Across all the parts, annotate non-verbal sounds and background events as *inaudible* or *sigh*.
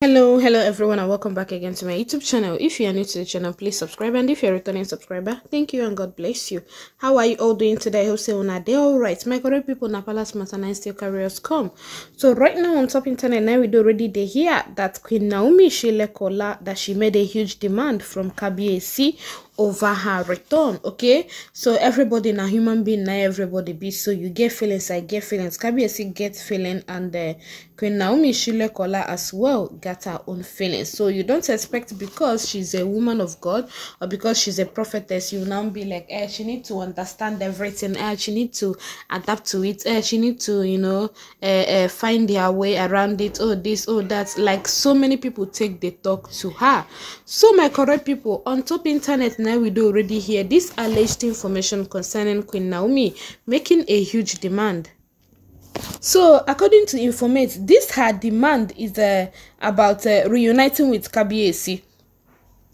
Hello hello everyone and welcome back again to my youtube channel if you are new to the channel please subscribe and if you're a returning subscriber thank you and god bless you how are you all doing today i hope so una day all right my great people na palace matter and still careers come so right now on top internet now we do already they hear that queen naomi shilekola that she made a huge demand from kbac over her return okay so everybody na human being na everybody be so you get feelings i get feelings kbac get feeling and uh, queen naomi shilekola as well got her own own feelings so you don't expect because she's a woman of god or because she's a prophetess you now be like eh she need to understand everything eh she need to adapt to it eh she need to you know eh, eh, find their way around it oh this oh that like so many people take the talk to her so my correct people on top internet now we do already hear this alleged information concerning queen naomi making a huge demand so, according to Informate, this her demand is uh, about uh, reuniting with Kabiesi.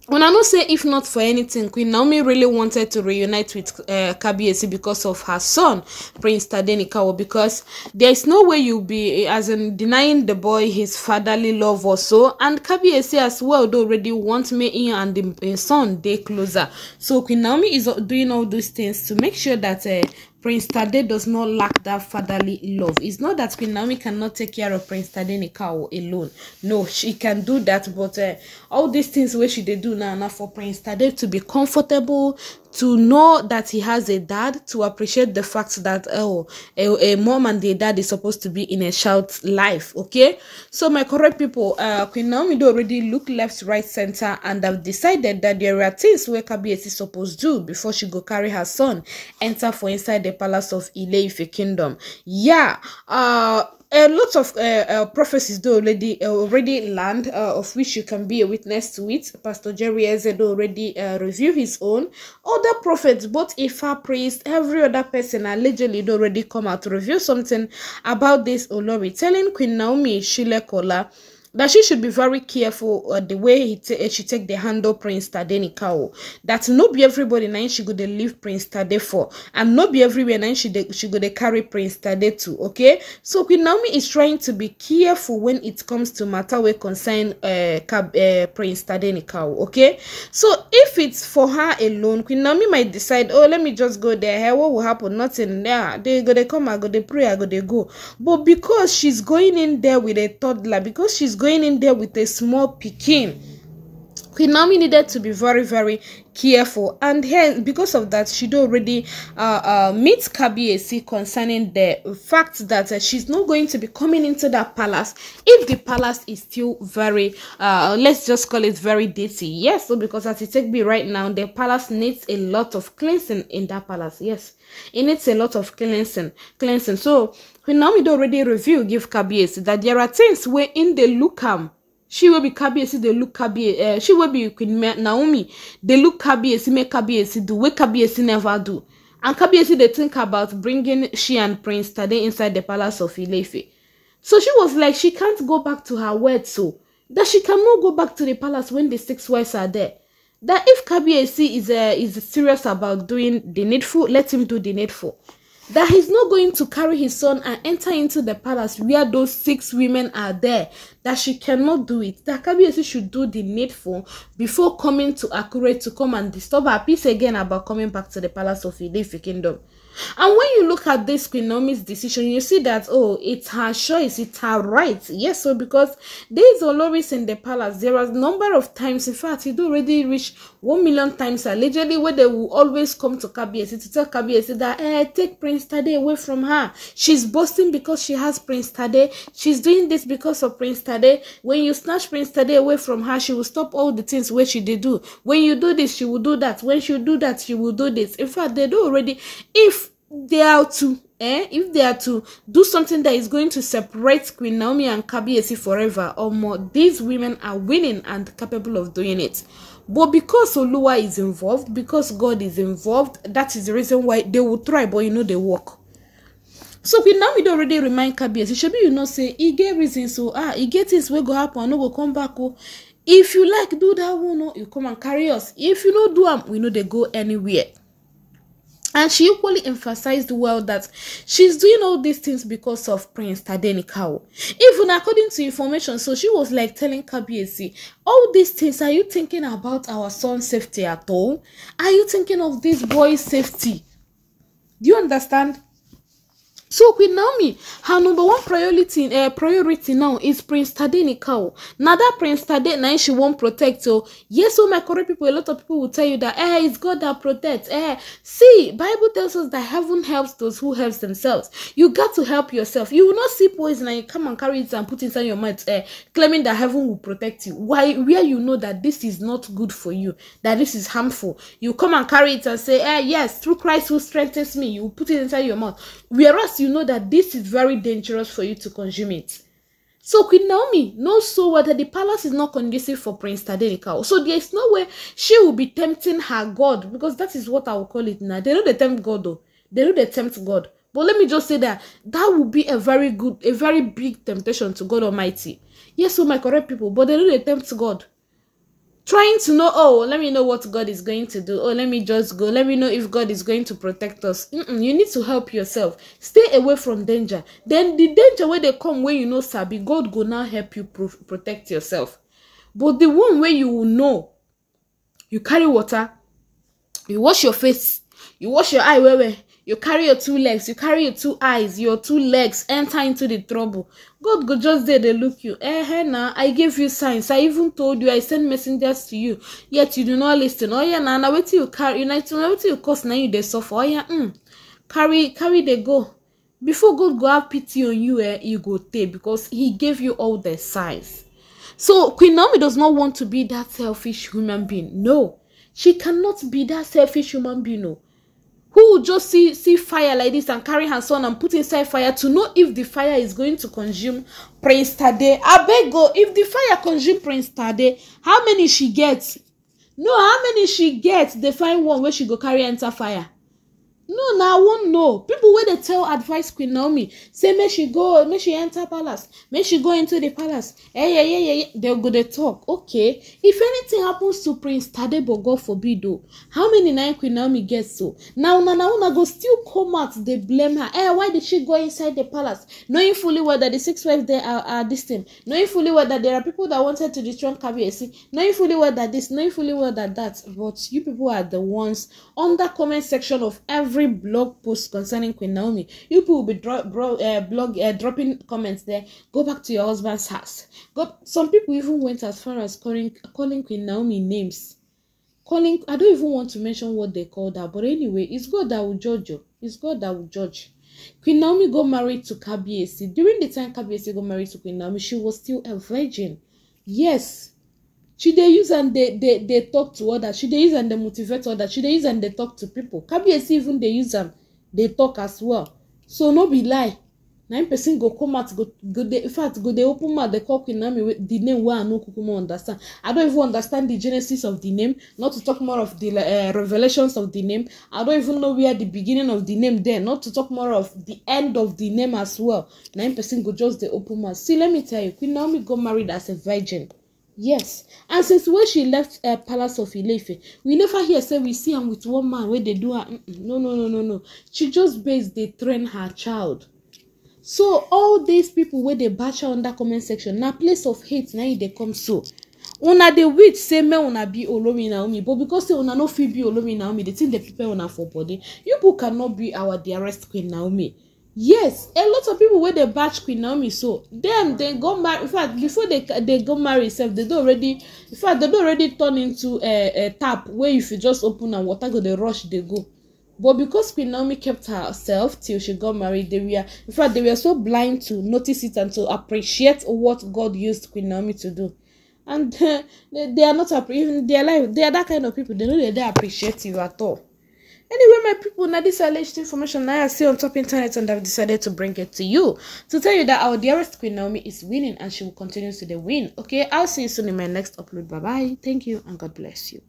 When I not say if not for anything, Queen Naomi really wanted to reunite with uh, Kabiesi because of her son, Prince Tadenikawa, because there is no way you'll be, as in denying the boy his fatherly love or so, and Kabiesi as well, they already want me in and the uh, son, they closer. So Queen Naomi is doing all those things to make sure that uh, Prince Tade does not lack that fatherly love. It's not that Queen Naomi cannot take care of Prince Tade Nikawo alone. No, she can do that, but uh, all these things wey she did do now now for Prince Tade to be comfortable, to know that he has a dad, to appreciate the fact that oh, a, a mom and a dad is supposed to be in a child's life. Okay, so my correct people, uh, Queen Naomi do already look left, right, center, and have decided that there are things where Kabiyesi supposed to do before she go carry her son enter for inside the palace of Ile Ife kingdom. Yeah, uh a lot of uh, uh, prophecies do already uh, already land uh, of which you can be a witness to it pastor jerry Ezedo already uh, reviewed his own other prophets both ifa priest every other person allegedly do already come out to review something about this olori telling queen naomi shilekola that she should be very careful uh, the way he she take the handle Prince Tade Nikao. That no be everybody now she go to leave Prince Tade for, and no be everywhere now she she go to carry Prince Tade to. Okay, so Queen Naomi is trying to be careful when it comes to matter we concern uh, uh, Prince Tade Nikao. Okay, so if it's for her alone, Queen Naomi might decide, oh let me just go there. Hey, eh, what will happen? Nothing. Yeah, they go to come. I go to pray. I go to go. But because she's going in there with a toddler, because she's going in there with a small pikin Queen Naomi needed to be very, very careful. And here, because of that, she'd already uh, uh, meet Kabiesi concerning the fact that uh, she's not going to be coming into that palace if the palace is still very, uh, let's just call it very dirty. Yes, so because as it take me right now, the palace needs a lot of cleansing in that palace. Yes, it needs a lot of cleansing. cleansing. So, Queen Naomi already review give Kabiesi that there are things where in the look um, she will be kabiyesi dey look kabiyesi uh, eh, she will be queen naomi dey look kabiyesi make kabiyesi do wey kabiyesi never do and kabiyesi dey think about bringing she and prince tade inside the palace of ilefe so she was like she can't go back to her word so that she can cannot go back to the palace when the six wives are there that if kabiyesi is uh, is serious about doing the needful let him do the needful that he's not going to carry his son and enter into the palace where those six women are there, that she cannot do it, that Kabiyesi should do the needful before coming to Akure to come and disturb her peace again about coming back to the palace of Ile Ife Kingdom. And when you look at this Queen Naomi's decision, you see that, oh, it's her choice, it's her right. Yes, so because there is Oloris in the palace, there are a number of times, in fact, it already reached 1 million times allegedly, where they will always come to Kabiesi to tell Kabiesi that, eh, take Prince Tade away from her. She's boasting because she has Prince Tade. She's doing this because of Prince Tade. When you snatch Prince Tade away from her, she will stop all the things where she did do. When you do this, she will do that. When she do that, she will do this. In fact, they do already. If they are to eh if they are to do something that is going to separate Queen Naomi and Kabiyesi forever or more these women are willing and capable of doing it but because Oluwa is involved because God is involved that is the reason why they will try but you know they work so queen naomi don already remind kabiyesi shebi you know say e get reason so ah e get things wey go happen i no go come back o oh. if you like do that one o oh. you come and carry us if you no do am we no dey go anywhere and she equally emphasized well that she's doing all these things because of Prince Tadenikawo. Even according to information, so she was like telling Kabiesi, all these things, are you thinking about our son's safety at all? Are you thinking of this boy's safety? Do you understand? So Queen Naomi, her number one priority uh, priority now is Prince Tade Nikau. Now that Prince Tade now she won't protect. So oh. yes, oh my correct people, a lot of people will tell you that eh, it's God that protects. Eh, see, Bible tells us that heaven helps those who helps themselves. You got to help yourself. You will not see poison and you come and carry it and put inside your mouth, eh, claiming that heaven will protect you. Why? Where you know that this is not good for you, that this is harmful. You come and carry it and say, eh, yes, through Christ who strengthens me. You put it inside your mouth. Whereas you you know that this is very dangerous for you to consume it. So Queen Naomi knows so well that the palace is not conducive for Prince Tadenikao. So there is no way she will be tempting her God because that is what I will call it now. They know they tempt God though. They know they tempt God. But let me just say that that would be a very good, a very big temptation to God Almighty. Yes, so oh my correct people, but they know they tempt God trying to know oh let me know what god is going to do oh let me just go let me know if god is going to protect us mm -mm, you need to help yourself stay away from danger then the danger where they come when you know, sabi god go now help you pro protect yourself but the one wey you will know you carry water you wash your face you wash your eye well well you carry your two legs you carry your two eyes your two legs enter into the trouble god go just there dey look you eh eh na i gave you signs i even told you i send messengers to you yet you do not lis ten oh, yeah, na na wetin you carry na wetin you cause na you dey suffer Oh yeah, mm, carry carry dey go before god go have pity on you eh you go tey because he gave you all the signs so queen naomi does not want to be that selfish human being no she cannot be that selfish human being o. Oh. No who will just see see fire like this and carry her son and put inside fire to know if the fire is going to consume prince tade abego if the fire consume prince tade how many she get no how many she get dey find one wey she go carry enter fire no na i wan know people wey dey tell advice queen naomi say make she go make she enter palace make she go into the palace eh eyeyeye dem go dey talk okay if anything happens to prince tadebo god forbid o how many na queen naomi get so na una na una go still come out dey blame her eh why did she go inside the palace knowing fully well that the six wives there are, are this thing knowing fully well that there are people that wanted to dethrone kabiyesi knowing fully well that this knowing fully well that that but you people are the ones on that comment section of every every blog post concerning Queen Naomi. You people will be dro- bro- uh, blog uh, dropping comments there. Go back to your husband's house. Go. Some people even went as far as calling calling Queen Naomi names. Calling. I don't even want to mention what they called her, but anyway, it's God that will judge you. It's God that will judge. Queen Naomi got married to Kabiesi. During the time Kabiesi got married to Queen Naomi, she was still a virgin. Yes, she dey use am dey dey dey talk to others she dey use am dey motivate others she dey use am dey talk to people kabiyesi even dey use am dey talk as well so no be lie na im person go come out go go dey in fact go dey open mouth dey call queen naomi the name wey i no kukuma understand i don't even understand the genesis of the name not to talk more of the uh, revelations of the name i don't even know where the beginning of the name there not to talk more of the end of the name as well na im person go just dey open mouth see let me tell you queen naomi go married as a virgin yes and since wey she left uh, palace of ileife we never hear say we see am with one man wey dey do her mm -mm. no no no no no she just base dey train her child so all these people wey dey bash her under comment section na place of hate na e dey come so una dey wait say make una be olori naomi but because say una no fit be olori naomi the thing dey prepare una for body you people cannot be our dearest queen naomi yes a lot of people wey dey batch queen naomi so dem dey go marry in fact before they they go marry sef they don already in fact they don already turn into a, a tap wey if you just open am water go dey rush dey go but because queen naomi kept herself till she got married they were in fact they were so blind to notice it and to appreciate what god used queen naomi to do and uh, *laughs* they, they are not even their life they are that kind of people they no dey dey appreciative at all. Anyway, my people, now this alleged information now I see on top internet and I've decided to bring it to you to tell you that our dearest Queen Naomi is winning and she will continue to the win. Okay, I'll see you soon in my next upload. Bye bye. Thank you and God bless you.